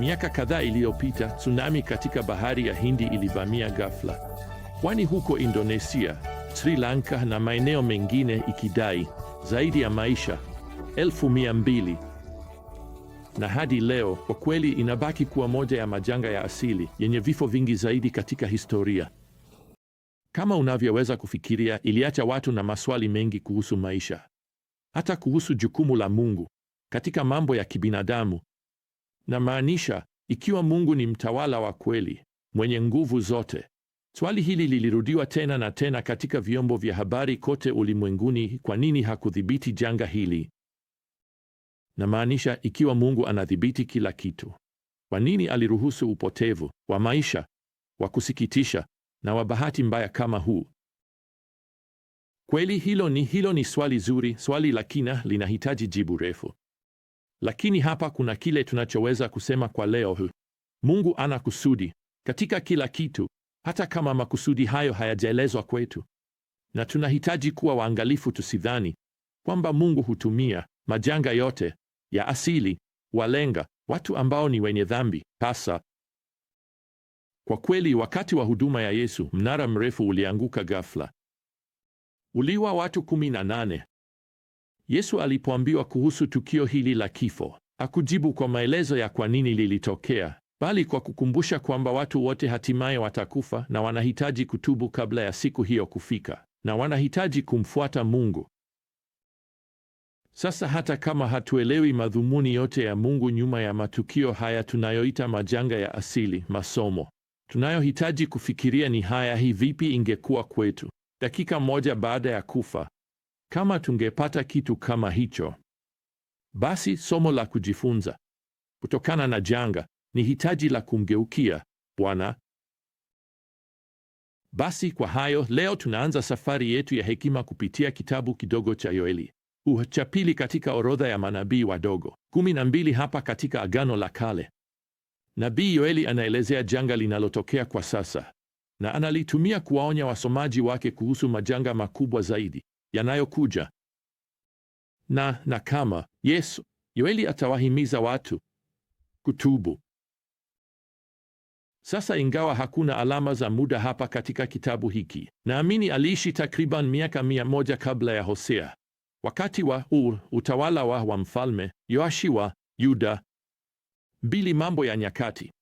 Miaka kadhaa iliyopita, tsunami katika bahari ya Hindi ilivamia ghafla pwani huko Indonesia, Sri Lanka na maeneo mengine, ikidai zaidi ya maisha elfu mia mbili na hadi leo kwa kweli inabaki kuwa moja ya majanga ya asili yenye vifo vingi zaidi katika historia. Kama unavyoweza kufikiria, iliacha watu na maswali mengi kuhusu maisha, hata kuhusu jukumu la Mungu katika mambo ya kibinadamu. Namaanisha, ikiwa Mungu ni mtawala wa kweli, mwenye nguvu zote, swali hili lilirudiwa tena na tena katika vyombo vya habari kote ulimwenguni: kwa nini hakudhibiti janga hili? Namaanisha, ikiwa Mungu anadhibiti kila kitu, kwa nini aliruhusu upotevu wa maisha wa kusikitisha na wa bahati mbaya kama huu? Kweli hilo ni hilo ni swali zuri, swali la kina, linahitaji jibu refu. Lakini hapa kuna kile tunachoweza kusema kwa leo Mungu ana kusudi katika kila kitu, hata kama makusudi hayo hayajaelezwa kwetu, na tunahitaji kuwa waangalifu tusidhani kwamba Mungu hutumia majanga yote ya asili walenga watu ambao ni wenye dhambi. Hasa kwa kweli, wakati wa huduma ya Yesu, mnara mrefu ulianguka ghafla, uliwa watu 18 Yesu alipoambiwa kuhusu tukio hili la kifo, hakujibu kwa maelezo ya kwa nini lilitokea, bali kwa kukumbusha kwamba watu wote hatimaye watakufa na wanahitaji kutubu kabla ya siku hiyo kufika, na wanahitaji kumfuata Mungu. Sasa hata kama hatuelewi madhumuni yote ya Mungu nyuma ya matukio haya tunayoita majanga ya asili, masomo tunayohitaji kufikiria ni haya: hii vipi ingekuwa kwetu dakika moja baada ya kufa? Kama tungepata kitu kama hicho, basi somo la kujifunza kutokana na janga ni hitaji la kumgeukia Bwana. Basi kwa hayo, leo tunaanza safari yetu ya hekima kupitia kitabu kidogo cha Yoeli, cha pili katika orodha ya manabii wadogo kumi na mbili hapa katika Agano la Kale. Nabii Yoeli anaelezea janga linalotokea kwa sasa na analitumia kuwaonya wasomaji wake kuhusu majanga makubwa zaidi yanayokuja. Na na kama Yesu Yoeli atawahimiza watu kutubu. Sasa ingawa hakuna alama za muda hapa katika kitabu hiki, naamini aliishi takriban miaka mia moja kabla ya Hosea, wakati wa Ur, utawala wa wa mfalme Yoashi wa Yuda. Bili Mambo ya Nyakati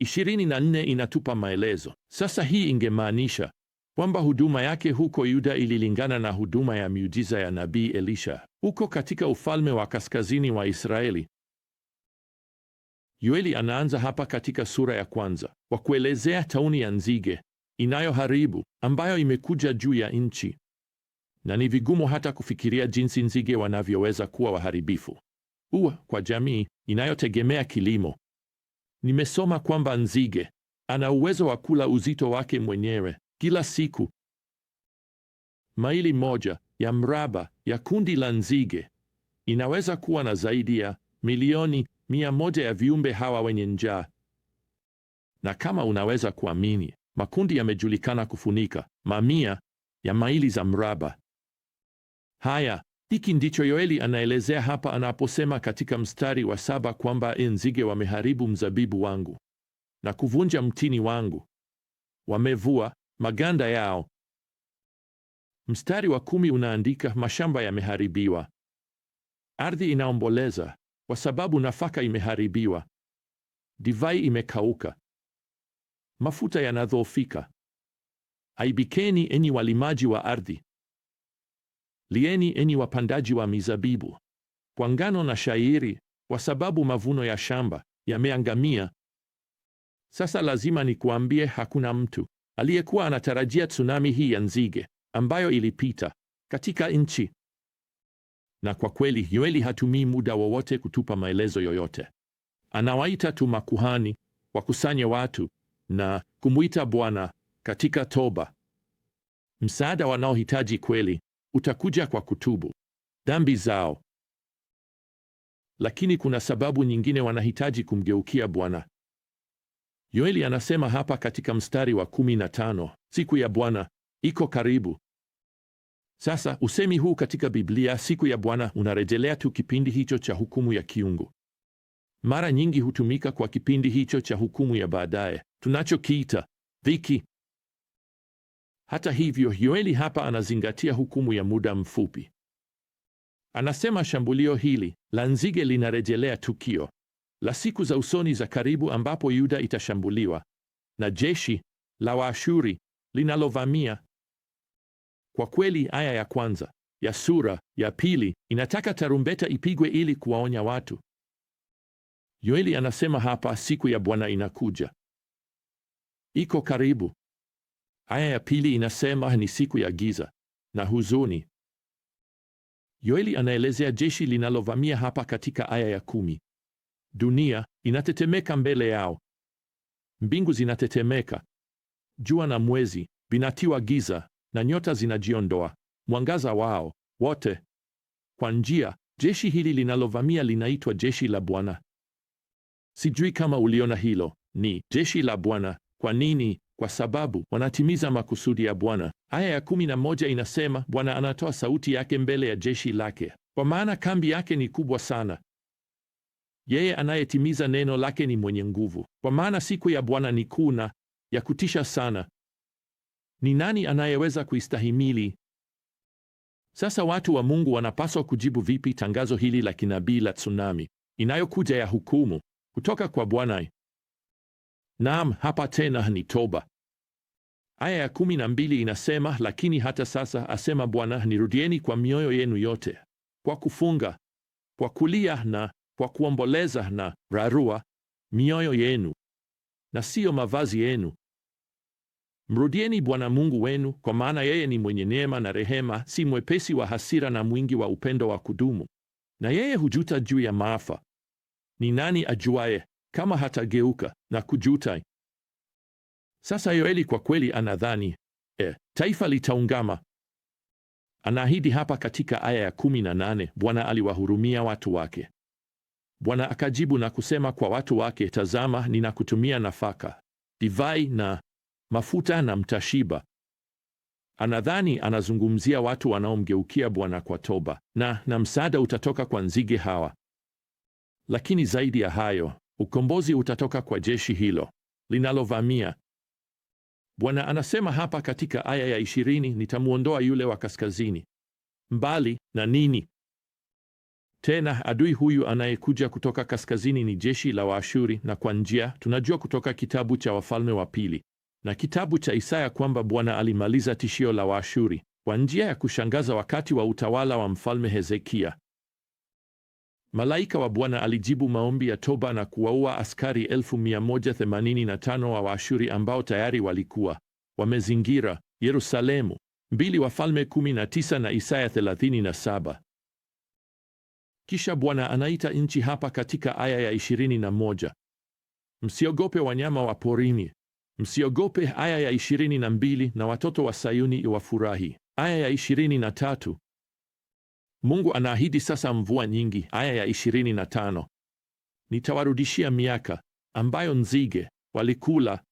24 inatupa maelezo. Sasa hii ingemaanisha kwamba huduma yake huko Yuda ililingana na huduma ya miujiza ya nabii Elisha huko katika ufalme wa kaskazini wa Israeli. Yoeli anaanza hapa katika sura ya kwanza kwa kuelezea tauni ya nzige inayoharibu ambayo imekuja juu ya nchi, na ni vigumu hata kufikiria jinsi nzige wanavyoweza kuwa waharibifu uwa kwa jamii inayotegemea kilimo. Nimesoma kwamba nzige ana uwezo wa kula uzito wake mwenyewe kila siku maili moja ya mraba ya kundi la nzige inaweza kuwa na zaidi ya milioni mia moja ya viumbe hawa wenye njaa, na kama unaweza kuamini, makundi yamejulikana kufunika mamia ya maili za mraba. Haya, hiki ndicho Yoeli anaelezea hapa anaposema katika mstari wa saba kwamba e nzige wameharibu mzabibu wangu na kuvunja mtini wangu, wamevua maganda yao. Mstari wa kumi unaandika, mashamba yameharibiwa, ardhi inaomboleza kwa sababu nafaka imeharibiwa, divai imekauka, mafuta yanadhoofika. Aibikeni enyi walimaji wa ardhi, lieni enyi wapandaji wa mizabibu kwa ngano na shairi, kwa sababu mavuno ya shamba yameangamia. Sasa lazima nikuambie, hakuna mtu aliyekuwa anatarajia tsunami hii ya nzige ambayo ilipita katika nchi. Na kwa kweli Yoeli hatumii muda wowote kutupa maelezo yoyote. Anawaita tu makuhani wakusanye watu na kumwita Bwana katika toba. Msaada wanaohitaji kweli utakuja kwa kutubu dhambi zao, lakini kuna sababu nyingine wanahitaji kumgeukia Bwana Yoeli anasema hapa katika mstari wa kumi na tano, siku ya Bwana iko karibu. Sasa usemi huu katika Biblia, siku ya Bwana, unarejelea tu kipindi hicho cha hukumu ya kiungu. Mara nyingi hutumika kwa kipindi hicho cha hukumu ya baadaye tunachokiita dhiki. Hata hivyo, Yoeli hapa anazingatia hukumu ya muda mfupi. Anasema shambulio hili la nzige linarejelea tukio la siku za usoni za karibu ambapo Yuda itashambuliwa na jeshi la Waashuri linalovamia. Kwa kweli, aya ya kwanza ya sura ya pili inataka tarumbeta ipigwe ili kuwaonya watu. Yoeli anasema hapa, siku ya Bwana inakuja, iko karibu. Aya ya pili inasema ni siku ya giza na huzuni. Yoeli anaelezea jeshi linalovamia hapa katika aya ya kumi Dunia inatetemeka mbele yao, mbingu zinatetemeka, jua na mwezi vinatiwa giza na nyota zinajiondoa mwangaza wao wote. Kwa njia, jeshi hili linalovamia linaitwa jeshi la Bwana. Sijui kama uliona hilo, ni jeshi la Bwana. Kwa nini? Kwa sababu wanatimiza makusudi ya Bwana. Aya ya kumi na moja inasema Bwana anatoa sauti yake mbele ya jeshi lake, kwa maana kambi yake ni kubwa sana yeye anayetimiza neno lake ni mwenye nguvu, kwa maana siku ya Bwana ni kuu na ya kutisha sana. Ni nani anayeweza kuistahimili? Sasa watu wa Mungu wanapaswa kujibu vipi tangazo hili la kinabii la tsunami inayokuja ya hukumu kutoka kwa Bwana? Naam, hapa tena ni toba. Aya ya kumi na mbili inasema, lakini hata sasa asema Bwana, nirudieni kwa mioyo yenu yote, kwa kufunga, kwa kulia na kwa kuomboleza na rarua mioyo yenu na siyo mavazi yenu. Mrudieni Bwana Mungu wenu, kwa maana yeye ni mwenye neema na rehema, si mwepesi wa hasira na mwingi wa upendo wa kudumu, na yeye hujuta juu ya maafa. Ni nani ajuaye kama hatageuka na kujuta? Sasa Yoeli kwa kweli anadhani e, taifa litaungama. Anaahidi hapa katika aya ya 18, Bwana aliwahurumia watu wake Bwana akajibu na kusema kwa watu wake, tazama, ninakutumia nafaka, divai na mafuta na mtashiba. Anadhani anazungumzia watu wanaomgeukia Bwana kwa toba na na msaada utatoka kwa nzige hawa, lakini zaidi ya hayo, ukombozi utatoka kwa jeshi hilo linalovamia. Bwana anasema hapa katika aya ya ishirini, nitamwondoa yule wa kaskazini mbali na nini tena adui huyu anayekuja kutoka kaskazini ni jeshi la Waashuri, na kwa njia tunajua kutoka kitabu cha Wafalme wa Pili na kitabu cha Isaya kwamba Bwana alimaliza tishio la Waashuri kwa njia ya kushangaza wakati wa utawala wa Mfalme Hezekia. Malaika wa Bwana alijibu maombi ya toba na kuwaua askari 185 wa Waashuri ambao tayari walikuwa wamezingira Yerusalemu. Mbili Wafalme 19 na Isaya 37. Kisha Bwana anaita nchi hapa katika aya ya 21, msiogope wanyama wa porini, msiogope. Aya ya 22, na watoto wa Sayuni iwafurahi. Aya ya tatu Mungu anaahidi sasa mvua nyingi. Aya ya 25, nitawarudishia miaka ambayo nzige walikula.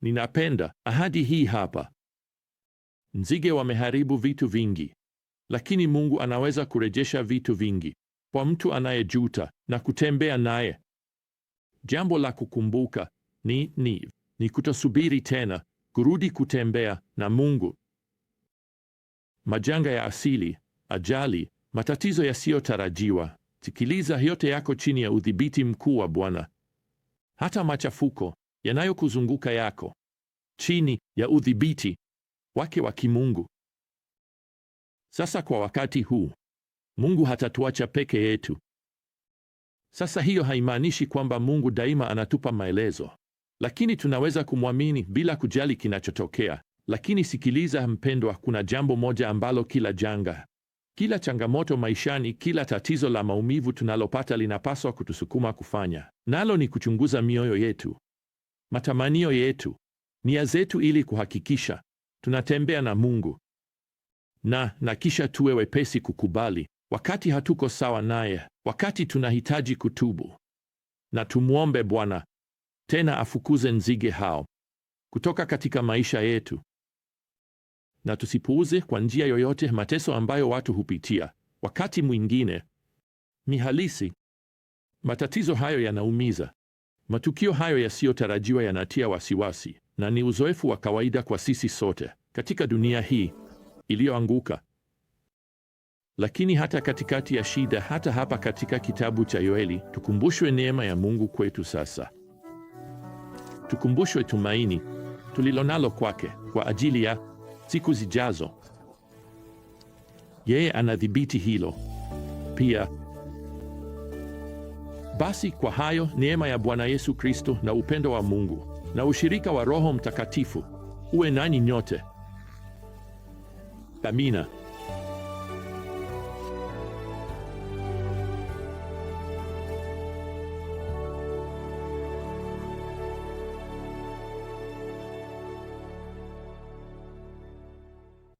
Ninapenda ahadi hii hapa. Nzige wameharibu vitu vingi lakini Mungu anaweza kurejesha vitu vingi kwa mtu anayejuta na kutembea naye. Jambo la kukumbuka ni ni ni kutosubiri tena kurudi kutembea na Mungu. Majanga ya asili, ajali, matatizo yasiyotarajiwa, sikiliza, yote yako chini ya udhibiti mkuu wa Bwana. Hata machafuko yanayokuzunguka yako chini ya udhibiti wake wa kimungu. Sasa kwa wakati huu Mungu hatatuacha peke yetu. Sasa hiyo haimaanishi kwamba Mungu daima anatupa maelezo, lakini tunaweza kumwamini bila kujali kinachotokea. Lakini sikiliza mpendwa, kuna jambo moja ambalo kila janga, kila changamoto maishani, kila tatizo la maumivu tunalopata linapaswa kutusukuma kufanya, nalo ni kuchunguza mioyo yetu, matamanio yetu, nia zetu, ili kuhakikisha tunatembea na Mungu na na kisha tuwe wepesi kukubali wakati hatuko sawa naye, wakati tunahitaji kutubu, na tumwombe Bwana tena afukuze nzige hao kutoka katika maisha yetu, na tusipuuze kwa njia yoyote mateso ambayo watu hupitia. Wakati mwingine ni halisi, matatizo hayo yanaumiza, matukio hayo yasiyotarajiwa yanatia wasiwasi, na ni uzoefu wa kawaida kwa sisi sote katika dunia hii iliyoanguka. Lakini hata katikati ya shida, hata hapa katika kitabu cha Yoeli, tukumbushwe neema ya Mungu kwetu sasa. Tukumbushwe tumaini tulilonalo kwake kwa ajili ya siku zijazo. Yeye anadhibiti hilo pia. Basi kwa hayo, neema ya Bwana Yesu Kristo na upendo wa Mungu na ushirika wa Roho Mtakatifu uwe nanyi nyote. Camina.